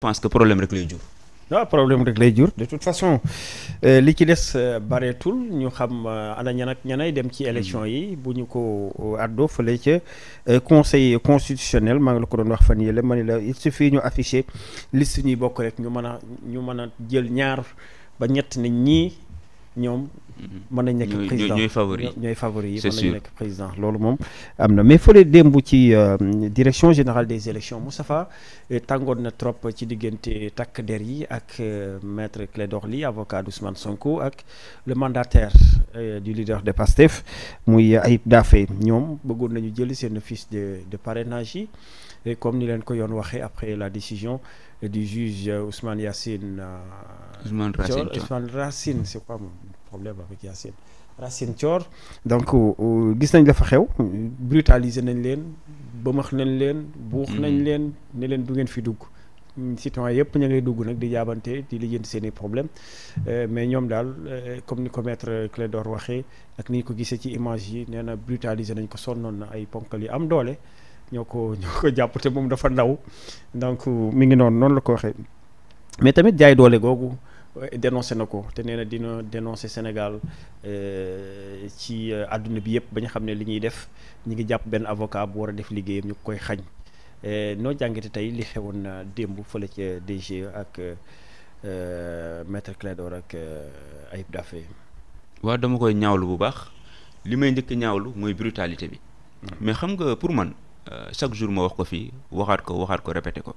pense que problème rek lay jur. waaw ah, problème rek lay jur de toute façon euh, li ci des euh, bareetul ñu xam euh, ana ñan ak ñanay dem ci élection yi mm-hmm. bu ñu ko àddoo fële ca conseil constitutionnel maa ngi la ko doon wax fan yële ma ne la il suffit ñu afficher liste ñuy bokk rek ñu mën a ñu mën a jël ñaar ba ñett nit ñii. ñoom. Mm-hmm. mën nañ nekk président ñooy favori ñooy favori yi mën nañ nekk président loolu moom am na mais fële démb ci euh, direction générale des élections Moustapha euh, tàngoon na trop ci diggante takk der yi ak euh, maître Clédor Ly avocat d'Ousmane Sonko ak le mandataire du leader de PASTEF muy Ayib Daffé ñoom bëggoon nañu jël seen fiche de de parrainage et comme ni leen ko yoon waxee après la décision du juge Ousmane Yacine Ousmane Racine Ousmane c'est quoi moom problème avec Yacine Racine Thior donc euh, euh, gis nañ la fa xew brutaliser nañ leen bëmax nañ leen buux nañ mm. leen ne leen du ngeen fi dugg citoyen yëpp ña ngay dugg nag di jaabante di lijjanti seen i problème euh, mais ñoom daal comme ni ko maître Clédor waxee ak ni ñu ko gisee ci image yi nee na brutaliser nañ ko sonnoon na ay ponkal yi am doole ñoo ko ñoo ko jàpp moom dafa ndaw donc mu ngi noonu noonu la ko waxee mais tamit jaay doole googu dénoncé na ko te nee na dina dénoncé Sénégal euh, ci euh, àdduna bi yëpp ba ñu xam ne li ñuy def ñu ngi jàpp benn avocat bu war a def liggéeyam ñu koy xañ euh, noo jàngate tey li xewoon démb fële ca DG ak maître Clédor ak Ayib Daffé. waaw dama koy ñaawlu bu baax li may njëkk ñaawlu mooy brutalité bi. Hmm. mais xam nga pour man chaque jour ma wax ko fii waxaat ko waxaat ko répété ko.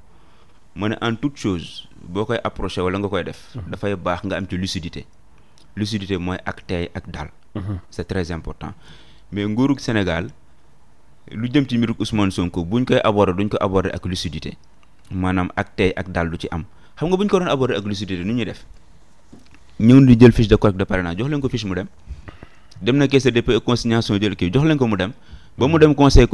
ma ne en toute chose boo koy approché wala nga koy def. Mhm. dafay baax nga am ci lucidité. lucidité mooy ak tey ak daal. Mhm. c'est très important mais nguurug Sénégal lu jëm ci mbirug Ousmane Sonko buñ koy aborder duñ ko aborder ak lucidité maanaam ak tey ak daal du ci am xam nga buñ ko doon aborder ak lucidité nu ñuy def ñëw di jël fiche de collecte de parrainage jox leen ko fiche mu dem dem na caisse de dépôt et kii jox leen ko mu dem ba mu dem conseil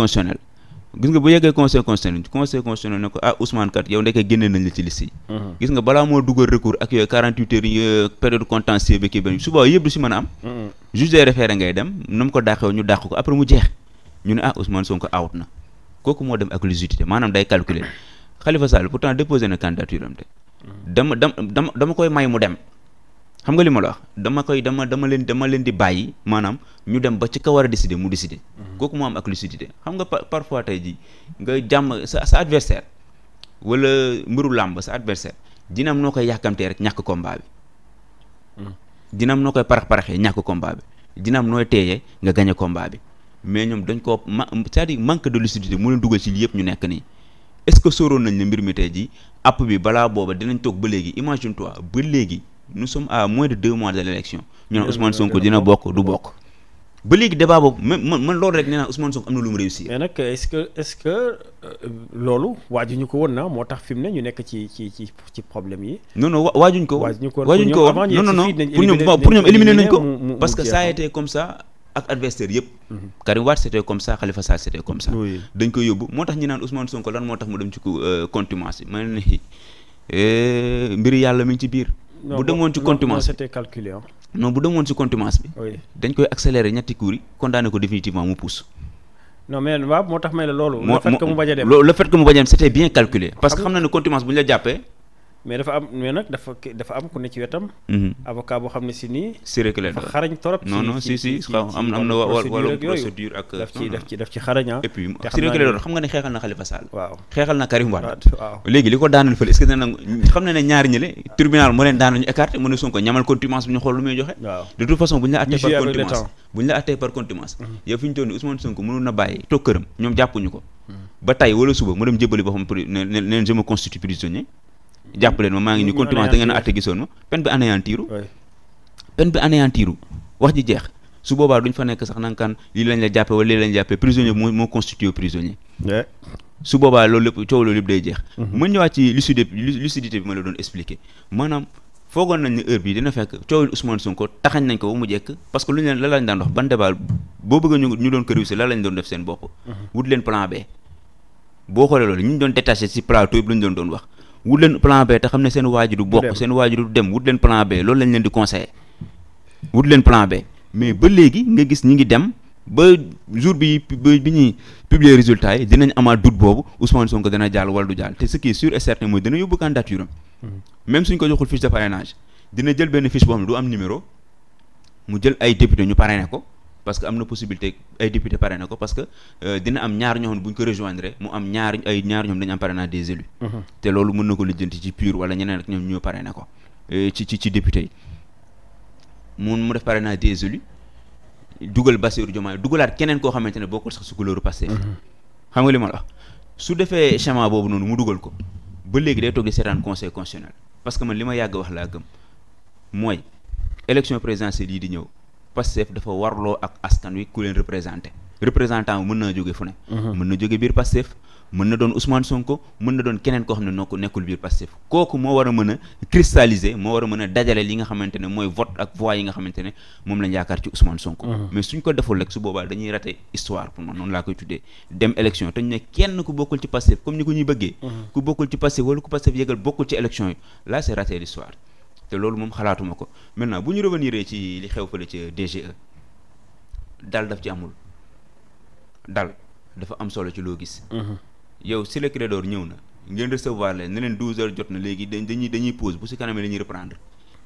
gis nga bu yeggee conseil constitutionnel conseil constitutionnel ne ko ah Ousmane kat yow ndeke génne nañ la ci liste yi mhm. gis nga balaa moo dugal recours ak yooyu quarante huit heures euh, période contentieux bi kii bi suba yëpp du si mën a am mhm. juge des référés ngay dem na mu ko dàqew ñu dàq ko après mu jeex ñu ne ah Ousmane Sonko out na kooku moo dem ak lucidité maanaam day calculer Khalifa Sall pourtant déposé na candidature am te mhm. dama dama dama mu dem xam nga li ma la dama koy dama dama leen dama leen di bàyyi maanaam ñu dem ba ci ka war a décider mu décider. Mm-hmm. kooku moo am ak lucidité xam nga parfois tey ji nga jàmm sa sa adversaire wala mbiru làmb sa adversaire dina noo koy yàkkamtee rek ñàkk combat bi. Mm. dina noo koy parax paraxee ñàkk combat bi nooy teeyee nga gagné combat bi mais ñoom dañ koo ma c'est-à-dire manque de lucidité mu leen dugal ci lii yëpp ñu nekk nii. est-ce que sóoroon nañ ne mbir mi tey jii app bi balaa booba dinañ toog ba léegi imagine toi ba léegi nu sommes à moins de deux mois de l' élection ñu naan Ousmane Sonko dina bokk du bokk. ba léegi débat boobu même man man loolu rek nee naa Ousmane Sonko que est-ce que euh, loolu ko woon na moo tax fi mu ne ñu nekk ci ci ci ci yi. non non waajuñ ko. waajuñ ko waajuñ ko woon non non non pour ñoom pour ñoom éliminer nañ ko. parce que ça a été comme ça ak adversaire mhm. yóbbu moo tax ñu naan Ousmane Sonko lan moo tax mu dem ci euh, contumace bi ma ne eh, mbiri yàlla mi ngi ci biir. bu demoon ci contumace c'était calculé non bu demoon ci contumace bi. dañ koy accélérer ñetti cours yi condamné ko définitivement mu pousse. non mais waaw moo tax may la loolu. le fait que mu bañ a dem loolu bien calculé. parce que xam na ne contumace bu ñu la jàppee. mais dafa am mais nag dafa dafa am ku ne ci wetam. Mhm. avocat boo xam ne si nii. sirek leen dafa non non si si na xam nga ne xeexal na Khalifa Sall. xeexal na Karim léegi li ko daanal fële est-ce xam ne ñaari ñële. tribunal moo leen daan nañu écarté mu ne Sonko ñamal contumace bi ñu xool lu muy joxe. de toute façon bu ñu la attee par contumace bu ñu la attee par contumace. Mhm. yow fi ñu toll nii Ousmane Sonko na bàyyi toog këram ñoom jàppuñu ko mhm. ba tey wala suba jàpp leen ma maa ngi ñu continué da ngeen a àtte gisoon ma peine bi anéantiru peine bi anéantiru wax ji jeex su boobaa duñ fa nekk sax nankaan lii lañ la jàppe wala lii lañ jàppe prisonnier moo moo constitué prisonnier su boobaa loolu lépp coow loolu lépp day jeex mhm. mën ñëwaat ci lucidité lucidité bi ma la doon expliqué maanaam foogoon nañ ne heure bi dina fekk coowul Ousmane Sonko taxañ nañ ko ba mu jekk parce que lu ñu leen la lañ daan wax ban débat boo bëgg ñu ñu doon ko réussir lañ doon def seen bopp mhm. wut leen plan B boo xoolee loolu doon détaché si plateau bi lu ñu wax wut leen plan B te xam ne seen waajur du bokk seen waajur du dem wut leen plan B loolu lañ leen di conseillé wut leen plan B mais ba léegi nga gis ñi ngi dem ba jour bi bi ñuy publier résultat yi dinañ amaat doute boobu Ousmane Sonko dana jàll wala du jaal te ce qui est sûr et certain mooy dina yóbbu candidature am mm-hmm. même suñ ko joxul fiche de parrainage dina jël benn fiche boo xam ne du am numéro mu jël ay député ñu parrainé ko parce que am na possibilité ay député parrainé ko parce que euh, dina am ñaar ñoo xam bu ko rejoindre mu am ñaar ay ñaar ñoom dañu am parrainage des élus mhm. te loolu mën na ko lijjanti ci pur wala ñeneen ak ñoom ñoo parrainé ko euh, ci ci ci député yi mun mu def naa des élus dugal Bassirou Diomaye dugalaat keneen koo xamante ne bokkul sax sukulóoru Pastef mhm. xam nga li ma la wax su defee schéma boobu noonu mu dugal ko ba léegi day toog di seetaan conseil constitutionnel parce que man li ma yàgg wax laa gëm mooy élection présidentielle yi di ñëw Pastef dafa warloo ak askan wi ku leen représenté représentant bi mën naa jóge fu ne mhm. mën na doon Ousmane Sonko mën na doon keneen koo xam ne noo lañ yaakaar ci Ousmane Sonko. Mhm. mais suñ ko deful rek su boobaa dañuy raté histoire pour man noonu laa koy tuddee dem élection te ñu ne kenn ku bokkul ci Pastef comme ni ko ñuy bëggee mhm. ku bokkul ci Pastef wala ku Pastef yëgal bokkul ci élection yi là c'est raté l'histoire te loolu moom xalaatuma ko maintenant bu ñu revenir ci li xew fële ca DGE dal daf ci amul dal dafa am solo ci loo gis. Mhm. yow si le crédor ñëw na ngeen recevoir leen ne leen 12 heures jot na léegi dañuy dañuy bu si kanamee la ñuy reprendre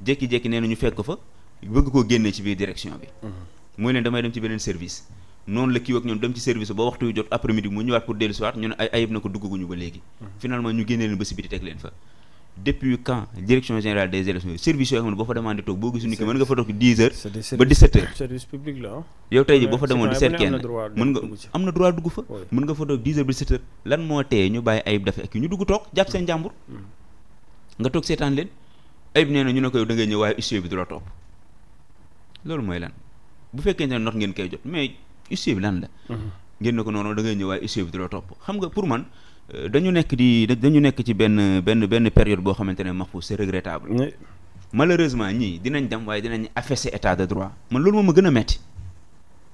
jékki nee na ñu fekk fa bëgg koo génnee ci biir direction bi. Mhm. mooy leen damay dem ci beneen service. noonu la kii ak ñoom dem ci service ba waxtu yu jot après midi mu ñëwaat pour dellu si ne ay ayib na ko depuis quand direction générale des élections service yoo xam ne boo fa demandé toog boo gisu nit ki mën nga fa toog 10 heures ba 17 heures yow tey boo fa demoon di seet kenn mën nga am na droit dugg fa mën nga fa toog 10 heures ba 17 heures lan moo teye ñu bàyyi ayib dafa ak ñu dugg toog jàpp seen jàmbur mm. Mm. nga toog seetaan leen ayib nee ñu ne ko yow da ngay ñëw waaye huissier bi du la topp loolu mooy lan bu fekkee ne not ngeen koy jot mais huissier lan la mm-hmm. ngeen ko noonu da ngay ñëw waaye issue bi du la topp xam nga pour man euh, dañu nekk di dañu nekk ci benn benn période boo xamante ne Mahfouz c'est regrettable man loolu moom ma gën a metti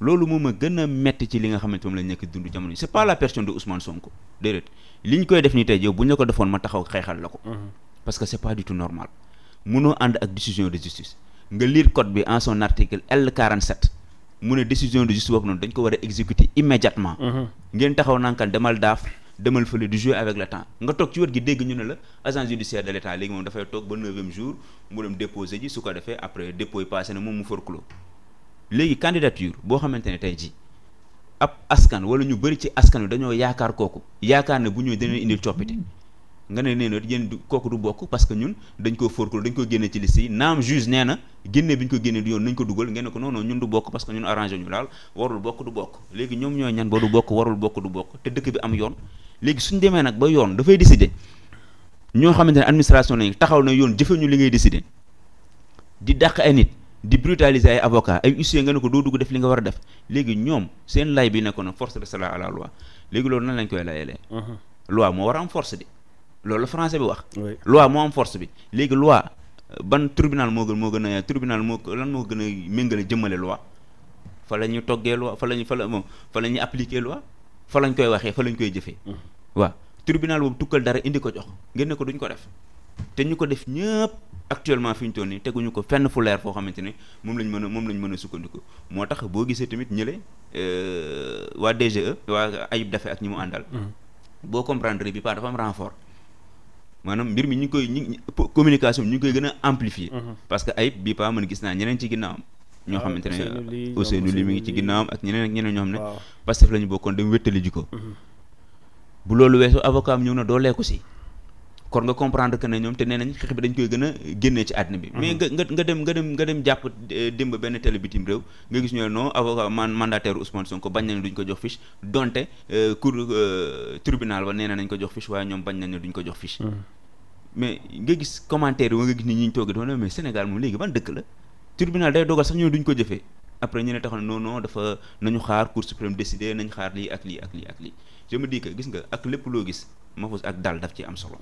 loolu moom ma gën a metti ci li nga xamante moom lañ nekk dund jamono yi c'est pas la personne de Ousmane Sonko déedéet li ñu koy def ni tey yow bu ñu la ko defoon ma taxaw xeexal la ko mhm. parce c'est pas du tout normal munoo ànd ak décision de justice nga lire code mu ne décision de justice boobu noonu dañ ko war a exécuter immédiatement. Mhm. ngeen taxaw nankan demal daaf demal fële du jouer avec le temps nga toog ci wet gi dégg ñu ne la agence judiciaire de l' état léegi moom dafay toog ba neuvième jour mu dem déposé ji su ko defee après dépôt yi passé na moom mu forclos léegi candidature boo xamante ne tey ji ab askan wala ñu bëri ci askan wi dañoo yaakaar kooku yaakaar ne bu ñëwee dina indil coppite. nga ne nee na yéen du kooku du bokk parce que ñun dañ ko forclos dañ ko génne ci liste yi naam juge nee na génne bi ñu ko génne du yoon nañ ko dugal ngeen ne ko non non ñun du bokk parce que ñun arrangé ñu daal bokk du bokk léegi ñoom ñooy ñan ba du bokk warul bokk du bokk te dëkk bi am yoon nag ba yoon dafay décider ñoo xamante ne administration lañ taxaw na yoon jëfe ñu li ngay décider di dàq ay nit di brutaliser ay avocat ay huissier nga ne ko doo dugg def li nga war a def léegi ñoom seen lay bi nekkoon force de cela à la loi léegi loolu nan lañ koy layelee uh-huh. loi moo war a am force di loolu la bi wax. loi moo am force bi léegi loi ban tribunal moo gën moo gën a tribunal moo lan moo gën a méngale jëmmale loi fa la ñu toggee loi fa la ñu fa la fa la ñuy appliquer loi fa lañ koy waxee fa lañ koy jëfee. Mm. waaw tribunal boobu tukkal dara indi ko jox ngeen ko duñ ko def te ñu ko def ñëpp actuellement fi ñu toll nii teguñu ko fenn fu leer foo xamante ne moom lañ mën a moom lañu mën a sukkandiku moo tax boo gisee tamit ñële euh, waa DGE. waa Ayib Daffé ak ñi mu àndal. Mm. boo comprendre bi pas dafa renfort. maanaam mbir mi ñu ngi koy ñu communication bi ñu koy gën a amplifier mhm. parce que ayib bii paa man gis naa ñeneen ci ginnaawam ah, ñoo ngi ci ginnaawam ak ñeneen ak ñoo xam ne Pastef la ñu bokkoon dem wéttali ji ko mhm. bu loolu weesu avocat ñëw na doolee ko si kon nga comprendre que ne ñoom te nee nañ xeex bi dañ koy gën a génnee ci àddina bi mais mhm. nga nga dem nga dem nga dem jàpp euh, démb benn télé bitim réew nga gis ñoo non avocat man mandataire Ousmane Sonko bañ nañ duñ ko jox fiche donte euh, cour euh, tribunal ba nee na nañ jox fiche waaye mais nga gis commentaire yi nga gis ni ñu toog doon mais Sénégal moom léegi ban dëkk la tribunal day dogal sax ñoo duñ ko jëfee après ñu ne taxaw non non dafa nañu xaar cour suprême décidé nañ xaar lii ak lii ak lii ak lii je me dis que gis nga ak lépp loo gis mafus ak dal daf ci am solo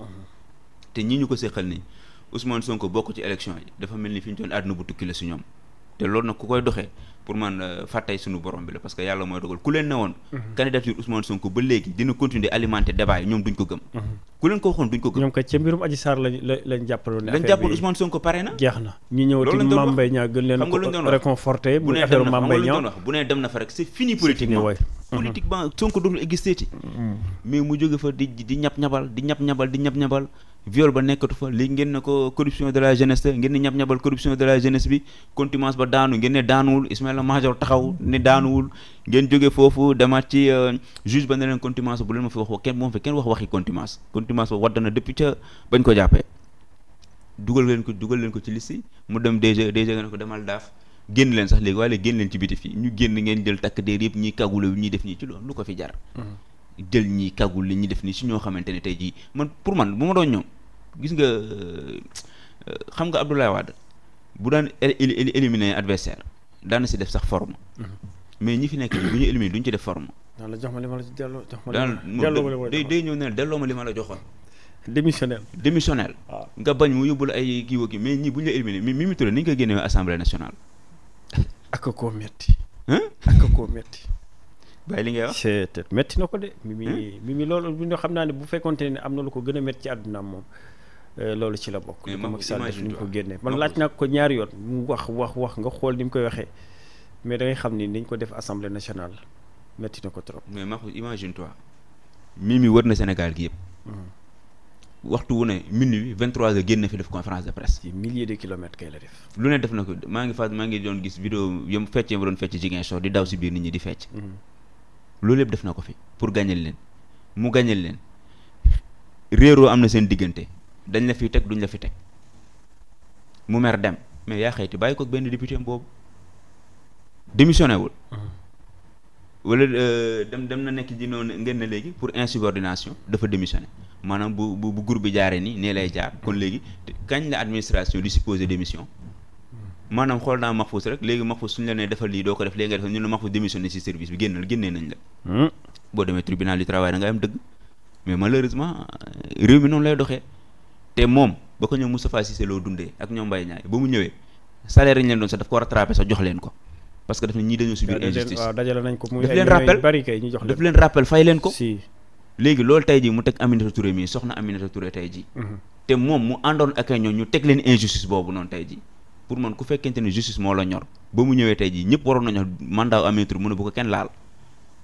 te ñi ñu ko seqal ni Ousmane Sonko bokk ci élection yi dafa mel ni fi ñu doon àdduna bu tukki la si ñoom te loolu nag ku koy doxee pour man euh, fàttay suñu borom bi la parce que yàlla mooy dogal ku leen ne woon candidature Ousmane Sonko ba léegi dina continuer alimenter débat ñoom duñ ko gëm mhm. ku leen ko waxoon duñ ko gëm ñoom kat ca mbirum Adji Sarr lañ lañ jàppaloon ne lañ jàppaloon Ousmane pare na jeex na ñu ñëwati Mame Mbaye gën leen ko réconforté bu ne affaire Mame Mbaye bu ne dem na fa rek c'est fini politiquement politiquement mhm. Sonko dootul existé ci mhm. mais mu jóge fa di di ñap viol ba nekkatu fa léegi ngeen ne ko corruption de la jeunesse ngeen ne ñab-ñabal corruption de la jeunesse bi contumace ba daanu ngeen ne daanuwul Ismaïla Madior taxaw ne daanuwul ngeen jóge foofu demaat ci euh, juge ba ne leen contumace bu leen ma fi wax kenn moom fi kenn wax waxi contumace contumace ba wadd na depuis ca bañ ko jàppee dugal leen ko dugal leen ko ci liste mu dem DG DG nga ne ko demal daaf génn leen sax léegi waaye léegi génn leen ci biti fii génn ngeen jël takk déer yëpp ñiy kagula yu ñuy def ñii ci loolu lu ko fi jar mm-hmm. jël ñi kagul li ñi def nii si ñoo xamante ne tey jii man pour man bu ma doon ñoom gis nga euh, xam nga Abdoulaye Wade bu daan éliminer adversaire daana si def sax form mm-hmm. mais ñi fi nekk bu ñu éliminer duñ ci def forme daan la jox ma li ma la delloo jox ma daan day day ñëw ne delloo ma ma la joxoon démissionnel démissionnel ah. nga bañ mu yóbbul ay kii waki mais ñi bu ñu la mi mi ture ni ñu koy génnewee assemblée nationale ak koo metti ak koo metti bàyyi li ngay wax te na ko de. Mimi hmm? Mimi loolu bu ñu xam naa ne bu fekkonte ne am na lu ko gën a métti ci àddunaam moom. Euh, loolu ci la bokk. mais moom image ko génne man laaj naa ko ñaari yoon mu wax wax wax nga xool ni mu koy waxee mais da xam ni niñ ko def assemblée nationale métti na ko trop. mais Mahfouz imagine toi Mimi wër na Sénégal gi yëpp. Hmm. waxtu wu ne minuit 23h génn fi de presse. kay la def. lu ne def na ko maa ngi fàttali maa ngi doon gis vidéo yom fecc yom doon fecc Ziguinchor di daw si biir nit ñi di fecc. Hmm. loolu yëpp def na ko fi pour gàññal leen mu gàññal leen réeroo am na seen diggante dañ la fi teg duñ la fi teg mu mer dem mais yaa xayti bàyyi ko benn député boobu démissionné wul. Mm-hmm. wala euh, dem dem na nekk ji noonu ngeen ne léegi pour insubordination dafa démissionné maanaam bu bu bu groupe bi jaaree nii nee lay jaar kon léegi kañ la administration di supposé démission. maanaam xool naa Mahfouz rek léegi Mahfouz suñu la lii doo ko def léegi nga def bi génnal génnee nañ la hmm. boo demee tribunal du travail da am dëgg mais malheureusement euh, réew mi noonu lay doxee te moom ba ko ñoom Moustapha Cissé Lo dundee ak ñoom Mbaye Niang ba mu ñëwee salaire ñu leen doon sax daf ko rattrapé sax jox leen ko parce que daf ne ñii dañoo subir injustice dajale nañ ko muy daf leen rappel ñu jox daf leen rappel fay leen ko léegi loolu tey ji mu teg Aminata mii soxna Aminata hmm. boobu noonu tey ji pour man ku fekkente ne justice moo la ñor ba mu ñëwee tey jii ñëpp waroon nañu mandat Aminata Touré mu ne bu ko kenn laal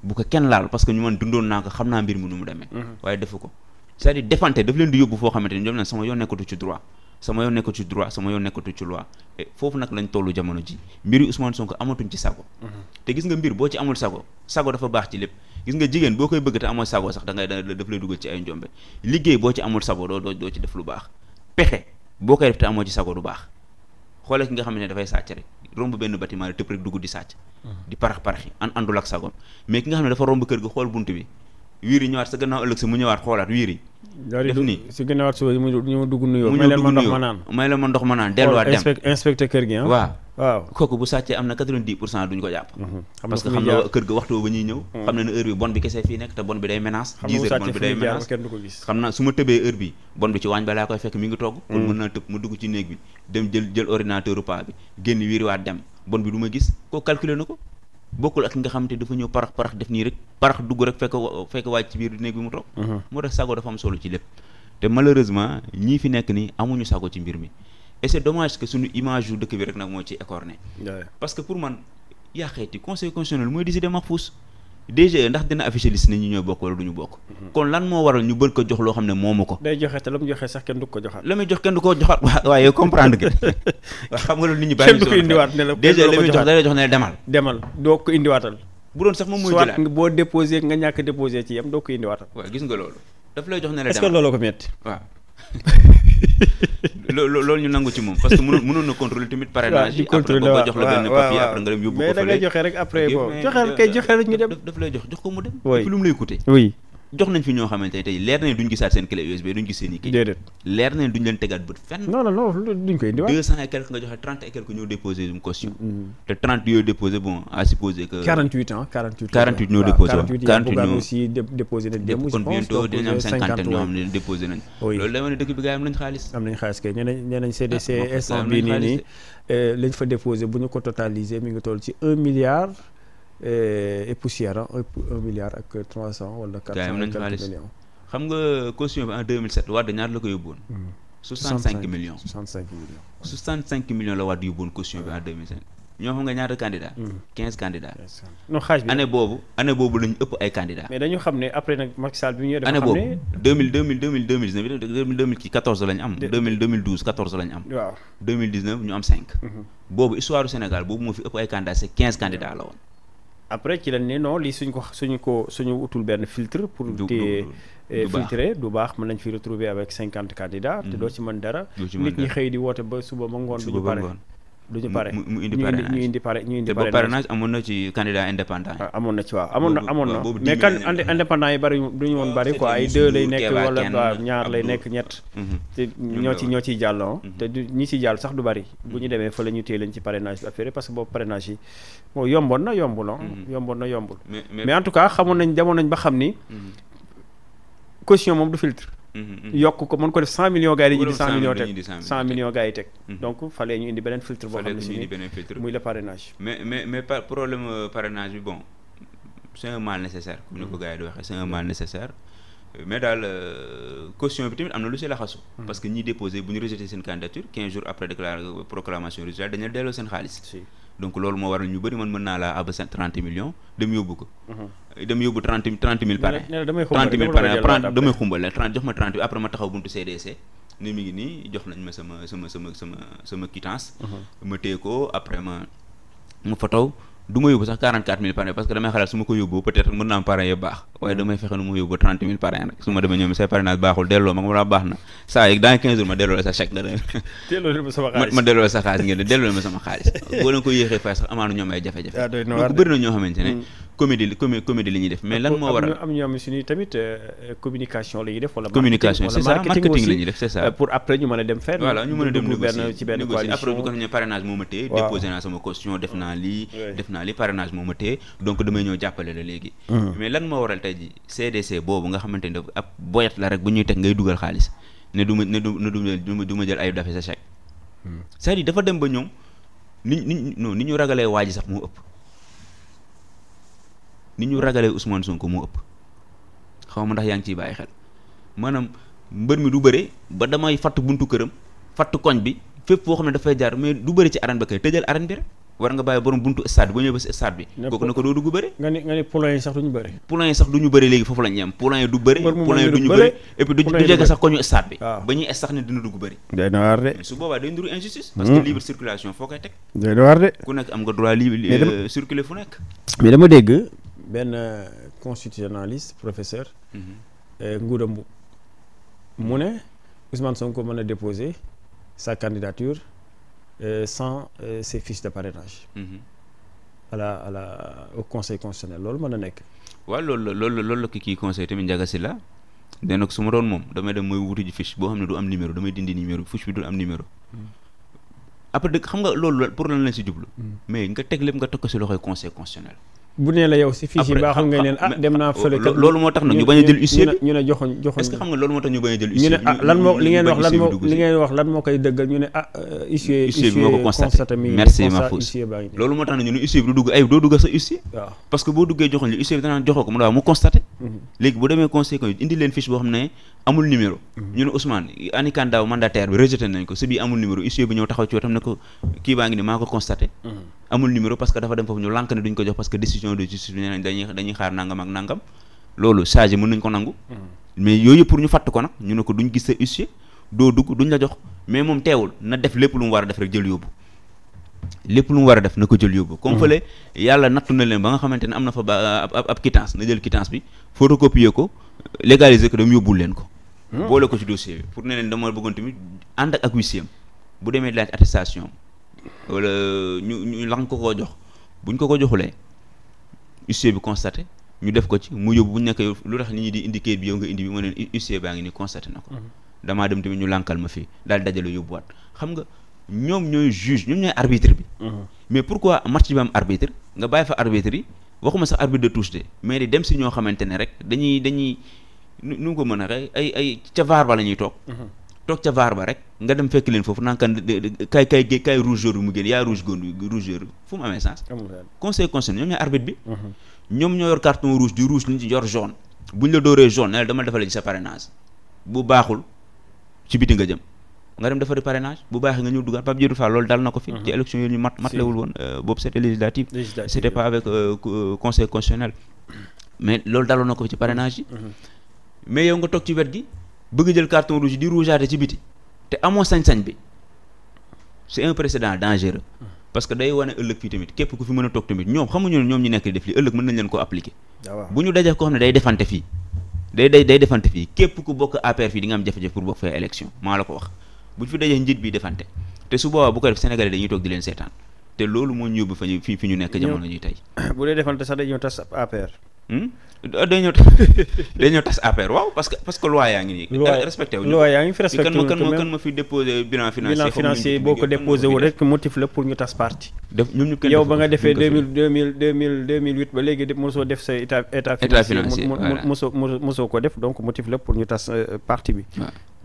bu ko kenn laal parce que ñu man dundoon naa ko xam naa mbir mi nu mu demee. Mhm. waaye defu ko cest à defante daf leen di yóbbu foo xamante ni ñoom nag sama yoon nekkatu ci droit sama yoon nekkatu ci droit sama yoon nekkatu ci loi foofu nag lañ tollu jamono ji mbiri Ousmane Sonko amatuñ ci sago. Mhm. te gis nga mbir boo ci amul sago sago koy bëgg te amoo sago da ngay daf lay dugal lu baax pexe boo koy xoolee ki nga xam ne dafay sàcc rek romb benn bâtiment rek tëb rek dugg di sàcc mm-hmm. di parax paraxi an àndul ak sagom mais ki nga xam ne dafa romb kër gi xool bunt bi wiir yi sa gannaaw ëllëg si mu ñëwaat xoolaat wiir def nii si ginnaaw ak suba ñu dugg nuyoo. may leen ma ndox may leen ma ndox ma naan delluwaat dem inspecteur ah. kooku bu sàccee am na 90 pour cent ko jàpp. Mhm. parce que xam nga kër ga waxtu ba ñuy ñëw. Mhm. xam na ne bi bon bi kese fii nekk te bon bi day menace. xam na su ma tëbee heure bi bon bi ci waañ ba koy fekk mi ngi togg. kon mhm. mën naa tëb mu dugg ci néeg bi dem jël jël ordinateur repas bi génn wiiriwaat dem bon bi du gis kooku calculer na ko bokkul ak nga xam te dafa ñëw parax parax def nii rek parax dugg rek fekk fekk ci biir néeg bi mu toog mhm. moo tax sago dafa am solo ci lépp te malheureusement ñii fi nekk ni amuñu sago ci mbir mi et c'est dommage que suñu image yu dëkk bi rek nag moo ci écorné parce que pour man yaa xeeti conseil constitutionnel mooy décider Mahfouz DGE ndax dina affiché liste ne ñi ñooy bokk wala du ñu bokk. Mhm. kon lan moo waral ñu bëgg ko jox loo xam ne moomu ko. day joxe te la mu joxe sax kenn du ko joxaat. la muy jox kenn du ko joxaat waaw waaye comprendre que xam nga loolu nit ñi. bàyyi kenn du indiwaat ne la DGE la muy jox da lay jox ne demal. demal doo ko indiwaatal. bu doon sax moom mooy jëlaat soit boo déposé nga ñàkk a déposé ci yam doo ko indiwaatal. waaw gis nga loolu. daf lay jox ne la demal est-ce ko métti waaw loolu ñu nangu ci moom parce que mënoon mënoon na contrôler tamit parrainage yi après nga jox la benn papier après nga dem yóbbu ko fële mais da dem daf lay jox jox ko mu dem lay coûter oui jox nañ fi ñoo xamante ne tey leer nañ duñ gisaat seen clé USB duñ gis seen i kii déedéet leer nañ duñ leen tegaat bët fenn duñ koy indiwaat deux cent et quelque nga joxe trente et quelque ñoo yi kay ñeneen ñeneen CDC instant bii nii nii euh, lañ ko totalisé mi ngi toll ci un milliard Euh, et poussière ah un milliard ak trois cent wala quatre cent millions. xam nga caution bi en 2007 Wade ñaar la ko yóbbuwoon. 65 hmm. millions 65 millions. 65 millions la Wade yóbbuwoon caution bi en 2005. ñoo xam nga ñaata candidat 15 hmm. candidats. bi année boobu année boobu xam ne après nag Macky Sall bi ñu dafa xam ne année boobu 2000 2000 2000 2019 2014 lañu am. 2000 2012 14 lañu am. waaw 2019 ñu am hmm. boobu histoire Sénégal boobu moo fi ëpp ay candidats c'est 15 après ci lañ ne non lii suñ ko suñu ko suñu utul benn filtre pour te eh, filtré du baax mën nañ fi retrouver avec cinquante candidats te mm-hmm. doo ci mën dara nit ñi xëy di woote ba suba ba ngoon du ñu pare duñu pare mu indi parrainage ñu indi pare ñu indi parrainage amoon na ci candidat indépendant yi ah, amoon na ci waaw amoon na amoon na mais kan indépendant yi bari duñu woon bari quoi ay deux lay nekk wala waaw ñaar lay nekk ñett mhm. te ñoo ci ñoo ciy jàlloo mhm. te du ñi ciy jàll sax du bari bu mhm. ñu demee fa la ñu téye leen ci parrainage bi affaire parce que boobu parrainage yi oo yomboon na yombul yomboon na yombul mais en tout cas xamoon nañ demoon nañ ba xam ni caution moom du filtre Mm-hmm. yokk ko mën ko def cent millions gars yi dañuy indi cent millions teg cent millions gars yi teg mm-hmm. donc fallait ñu indi beneen filtre boo xam ne si ni muy le parrainage mais mais mais par problème euh, parrainage bi bon c'est mal nécessaire comme ni ko mm-hmm. gars di waxee c'est mal nécessaire euh, mais daal euh, caution bi tamit am na lu si laxasu parce que ñiy déposé bu ñu rejeté seen candidature quinze jours après déclaration proclamation résultat dañu delloo seen xaalis donc loolu moo a ñu bëri man mën naa laa àbb sa 30 millions dem yóbbu ko. Mhm. dem yóbbu 30 30 mille pare. nee na damay xumbal pare damay xumbal la 30 jox ma 30 après ma taxaw buntu CDC. ni mi ngi nii jox nañ ma sama sama sama sama sama quittance. Mhm. ma téye après ma ma taw du ma yóbbu sax 44 mille parrain parce que damay xalaat su ma ko yóbbu peut-être mën naa am parrain yu baax waaye damay fexe nu ma yóbbu 30 mille parrain rek su ma demee ñoom say parrainage baaxul delloo ma ma baax na saa yeeg dans 15 jours ma delloo sa chèque nga de delloo la sa sama xaalis boo leen ko yéexee fay sax amaana ñoom ay jafe-jafe ah, donc bëri na ñoo xamante ne mm. comédie comédie comédie li ñuy def mais lan moo waral am ñoo am si ni tamit euh, communication la ñuy def c'est ça marketing la def c'est ça pour après ñu mën a dem fenn voilà ñu mën a dem négocier après bu ko ne parrainage moo ma téye déposé naa sama caution def naa lii def naa lii parrainage moo ma téye donc damay ñëw jàppale la léegi mais lan moo waral tey ji CDC boobu nga xamante ne ab boyat la rek bu ñuy teg ngay dugal xaalis ne du ma ne du du ma jël ayib dafe sa chèque cest à dafa dem ba ñoom ni ni ñu ragalee waa ni ñu ragalee Ousmane Sonko moo ëpp xaw ndax yaa ngi bàyyi xel maanaam mbër mi du bëre ba damay fatt buntu këram fatt koñ bi fépp foo xam ne dafay jaar mais du bëri ci arène ba kay tëjal arène bi rek ko doo sax du ñu bëri poulain yi sax du ñu bëri léegi foofu la ñu yem poulain yi du bëri poulain yi du ñu bëri et puis du jege sax koñu stade bi ba ñuy day na de su boobaa day nduru injustice mm. libre circulation foo koy teg day na de ku nekk am nga droit libre euh, circuler benn euh, constitutionnaliste professeur. Mhm. Euh, Ngouda Mboup mu ne Ousmane Sonko mën a déposer sa candidature euh, sans ses fiches de parrainage. Mhm. à la a la au conseil constitutionnel loolu mën a nekk. waaw loolu loolu loolu la ki kii conseil tamit Ndiaga Sylla nee nag su ma doon moom damay dem mooy wuti ji boo xam ne du am numéro damay dindi numéro fiche bi du am numéro. Mm. après dëgg xam nga loolu pour lan lañ si jublu. Mm. mais nga teg lépp nga teg ko si loxoy conseil constitutionnel. bu nee la yow si fiche yi baaxul nga leen ah, ah dem naa ah, fële kat loolu moo tax nag ñu bañ a jël huissier bi ñu ne joxuñ joxuñ loolu moo tax ñu a jël huissier bi ñu ne ah lan moo li ngeen wax lan moo li ngeen wax lan moo koy dëggal ñu ne ah bi ma fausse loolu moo tax nag du dugg ay doo dugg sa huissier parce que boo duggee joxuñ li huissier bi danaan joxoo ko mu dawaa mu constaté mhm. léegi bu demee conseil ko indi leen fiche boo xam ne amul numéro mhm. ñu ne Ousmane Ani Kandaaw mandataire bi rejeté nañ ko si bii amul numéro huissier bi ñëw taxaw ci wetam ne ko kii baa ngi ni maa ko constaté mhm. amul numéro parce que dafa dem foofu ñu lànk ne duñ ko jox parce que décision de justice nañ dañuy xaar nangam ak nangam loolu chargé mën nañ ko nangu mm. mais yooyu pour ñu fàtt ko nag ñu ne ko duñ gis sa huissier doo dugg duñ la jox mais moom teewul na def lépp lu mu war a def rek jël yóbbu lépp lu mu war a def na ko jël yóbbu comme mm. fële yàlla nattu na leen ba nga xamante ne am na fa ba ab ab quittance na jël quittance bi photocopier ko légalise ko dem yóbbul leen ko mm. boole ko pour ne leen dama bëggoon tamit ànd ak ak demee laaj attestation wala ñu ñu lànk ko koo jox bu buñ ko ko joxulee huissier bi constaté ñu def ko ci mu yóbbu buñ nekk lu tax nit ñi di indi kayit bi yow nga indi bi ma ne huissier baa ngi ni constaté na ko mhm. damaa dem tamit ñu lànkal ma fii daal dajale yóbbuwaat xam nga ñoom ñooy juge ñoom ñooy arbitre bi mhm. mais pourquoi match bi am arbitre nga bàyyi fa arbitre yi waxuma sax arbitre de touche de mais di dem si ñoo xamante ne rek dañuy dañuy nu ko mën a ay ay ca vaar ba la ñuy toog mhm. toog ca vaar ba rek nga dem fekk leen foofu nankan kay kay kay rougeur bi mu génn yaa rouge góon rougeur fu mu amee sens conseil constitutionnel ñoom ñooy arbitre bi mhm. ñoom ñoo yor carton rouge du rouge liñu yor jaune bu ñu la dooree jaune ne dama defal ci sa parrainage bu baaxul ci biti nga jëm nga dem defari parrainage bu baaxee nga ñëw duggaat Pape Djibril Fall loolu dal na ko fi mhm. ci élection yi ñu mat matlewul woon euh, boobu c'était législative c'était pas avec euh, euh, mais loolu daloon na ko ci parrainage yi mhm. mais yow nga toog ci wet gi bëgg jël carton rouge di rougeaate ci biti te amoo sañ-sañ bi c'est un précédent dangereux parce que day wane ëllëg fii tamit képp ku fi mën a toog tamit ñoom xamuñu ne ñoom ñu nekk di def li ëllëg mën nañ leen ko appliquer ah bu ñu dajee ko xam ne day defante fii day day day defante fii képp ku bokk APR fii di nga am jafe-jafe pour bokk fee élection maa la ko wax bu ñu fi dajee njit bi defante te su boobaa bu ko def sénégalais dañuy toog di leen seetaan te loolu moo ñu yóbbu fa fi ñu nekk jamono ñuy tey bu dee defante sax dañoo tas APR dañoo hmm? euh, dañoo tas APR waaw parce que parce que loi yaa ngi nii. respecté yaa ngi fi respecté wu ñu ko kan ma fi déposé bilan financier. boo ko déposé wu rek motif la pour ñu tas parti. def yow ba nga defee deux mille deux mille deux mille deux mille huit ba léegi de mosoo def sa état état. financier mosoo mosoo ko def donc motif la pour ñu tas euh, parti bi.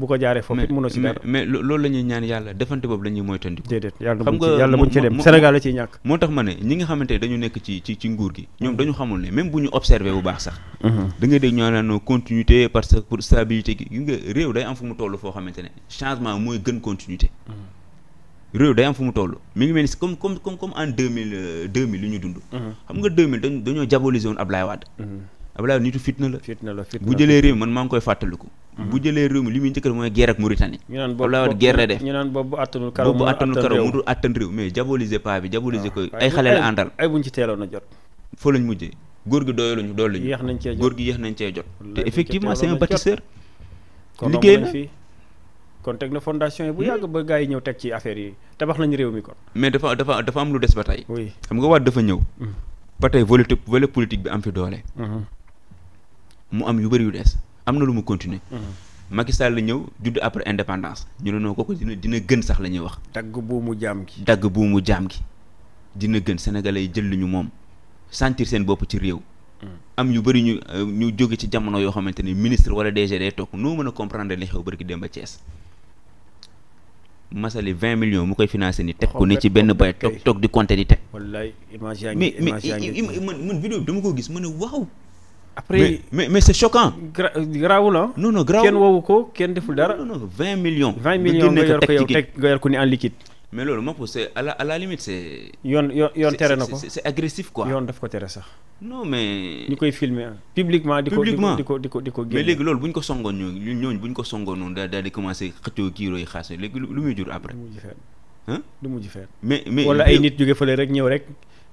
bu ko jaaree foofu it mënoo si dara mais loolu la ñuy ñaan yàlla defante boobu la ñuy moytandiku déedéet yàlla xam nga yàlla buñ ci dem ne ñi nga xamante ne mu toll mm-hmm. mu ngi mel ni comme comme comme comme en deux mille euh, deux ñu dund mm-hmm. xam nga deux dañoo diaboliser woon Ablaye Wade mm-hmm. Abdoulaye nitu fitna la. fitna la fitna bu jëlee réew mi man maa ngi koy fàttaliku. Mhm. bu jëlee réew mi li muy njëkk mooy guerre ak la ñu naan boobu attanul karaw boobu attanul karaw mu a jot. fa lañ mujjee góor gi doyaluñu doyaluñu. yéex te na kon fondation bu yàgg ba gars yi ñëw teg ci affaire yi tabax nañu réew mi kon. mais dafa dafa dafa am lu des ba tey. xam nga waat dafa ñëw. Mm. ba tey volet volet bi am fi doole. Mm-hmm. mu am yu bëri yu dees am na lu mu continuer mm-hmm. Macky Sall la ñëw judd après indépendance ñu ne noo kooku dina dina gën sax la ñuy wax. dagg buumu jaam gi. dagg buumu jaam gi dina gën sénégalais yi jël lu moom sentir seen bopp ci réew. Mm-hmm. am yu bari ñu euh, ñu jóge ci jamono yoo xamante ni ministre wala DG day toog noo mën a comprendre li xew bërki démb Thiès. Massaly 20 millions mu koy financé ni teg ko ni ci benn bay toog toog di compter di teg. wallaay mais mais man man vidéo ko gis ma ne waaw. après mais mais, mais c'est choquant. gra garaawul ah. non non garaawul kenn woowu ko kenn deful dara. non non vingt millions. vingt millions nga yor ko yow nga loolu moo ko c'est à yoon tere na ko c'est agressif quoi. yoon daf ko tere sax. non mais. ñu koy filmer publiquement di ko di ko di ko di ko génne. mais léegi loolu bu ñu ko songoon ñooñu ñooñu bu ñu ko songoon noonu daal daal di commencer xëccoo kii yooyu xaas léegi lu muy jur après. du mujj fenn. mais mais wala ay nit jóge fële rek ñëw rek.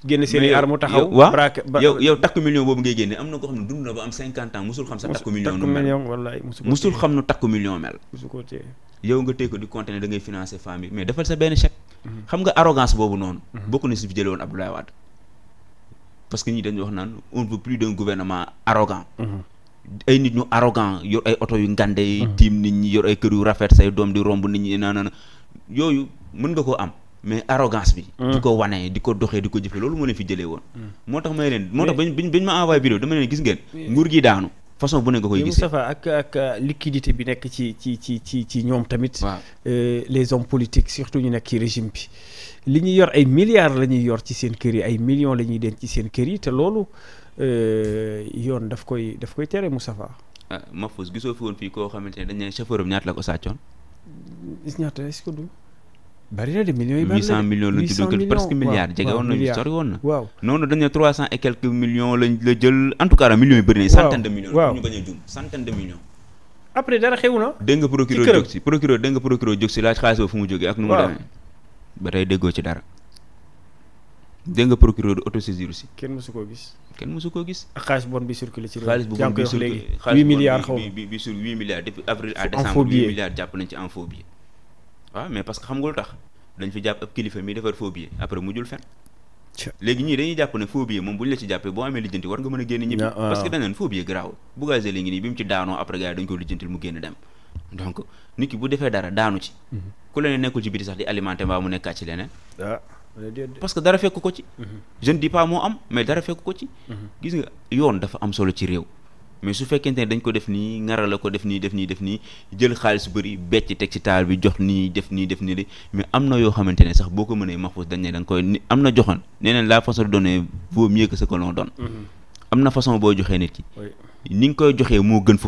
génn seen i arme taxaw waaw yow yow takk million boobu ngay génne am na koo xam ne dund na ba am 50 ans musul xam sa takk million mel musul xam nu takk million mel yow nga tey ko di compter ne da ngay financer famille mais defal sa benn chèque mhm. xam nga arrogance boobu noonu mhm. bokk na si fi jële woon Abdoulaye Wade parce que ñi dañuy wax naan on ne plus d'un gouvernement arrogant mhm. ay nit ñu arrogant yor ay oto yu ngande tiim nit ñi yor ay kër yu mais arrogance bi. Mm. di ko wane di ko doxee di ko jëfee loolu moo leen fi jëlee woon. Mm. moo tax may leen moo tax bañ bañ ma envoyé vidéo dama leen gis ngeen. nguur gi daanu façon bu ne nga koy gisee. Moustapha ak ak euh, liquidité bi nekk ci ci ci ci ci ñoom tamit. Euh, les hommes politiques surtout ñu nekk ci régime bi. li ñuy yor ay milliards la ñuy yor ci seen kër yi ay millions la ñuy denc ci seen kër yi te loolu euh, yoon daf koy daf koy tere Moustapha. ah Mahfouz gisoo fi woon fii koo xamante ne dañ ne chauffeur bi ñaata la ko sàccoon. ñaata ñaat ce que du. bari na de millions yi bari na de 800 millions lañ ci presque milliard jege woon nañu sori woon na. waaw noonu dañu ne 300 et quelques millions lañ la jël en tout yi bëri nañu. centaine de a jum centaine de millions. après dara xew na. dégg nga procureur jóg si procureur dégg nga procureur jóg si laaj xaalis ba fu mu jógee ak nu mu demee. ba tey déggoo ci dara. dégg procureur autosaisir si. kenn mësu koo gis. kenn mësu koo gis. ak xaalis bon bi sur 8 milliards depuis avril à décembre 8 milliards nañ en faux waaw mais parce que xam nga tax dañ fi jàpp ab kilifa mi defar faux billet après mujjul fen léegi ñii dañuy jàpp ne faux billet moom bu ñu la ci jàppee boo amee lijjanti war nga mën a génn ñibbi ah, ah. parce que dañ naan faux billet garaaw bugaase léegi nii bi mu ci daanoo après gars yi donc nit ki bu defee dara daanu ci mhm. ku la ne nekkul ci biti sax di alimenté mbaa mu nekkaat ci leneen ah, parce que dara fekk ko ci mhm. je ne dis moo am mais dara fekk ko ci mhm. gis nga yoon dafa am solo ci réew mais su fekkente ne dañ ko def nii ngara la ko def nii def nii def nii jël xaalis bëri becc teg ci taal bi jox nii def nii def nii li mais am na yoo xamante ne sax boo ko mënee maxfuus dañ ne da nga koy ni am na joxoon nee neen la façon de donner vaut mieux que ce que l'on mm-hmm. am na façon boo joxee nit ki ni nga koy joxee moo gën fu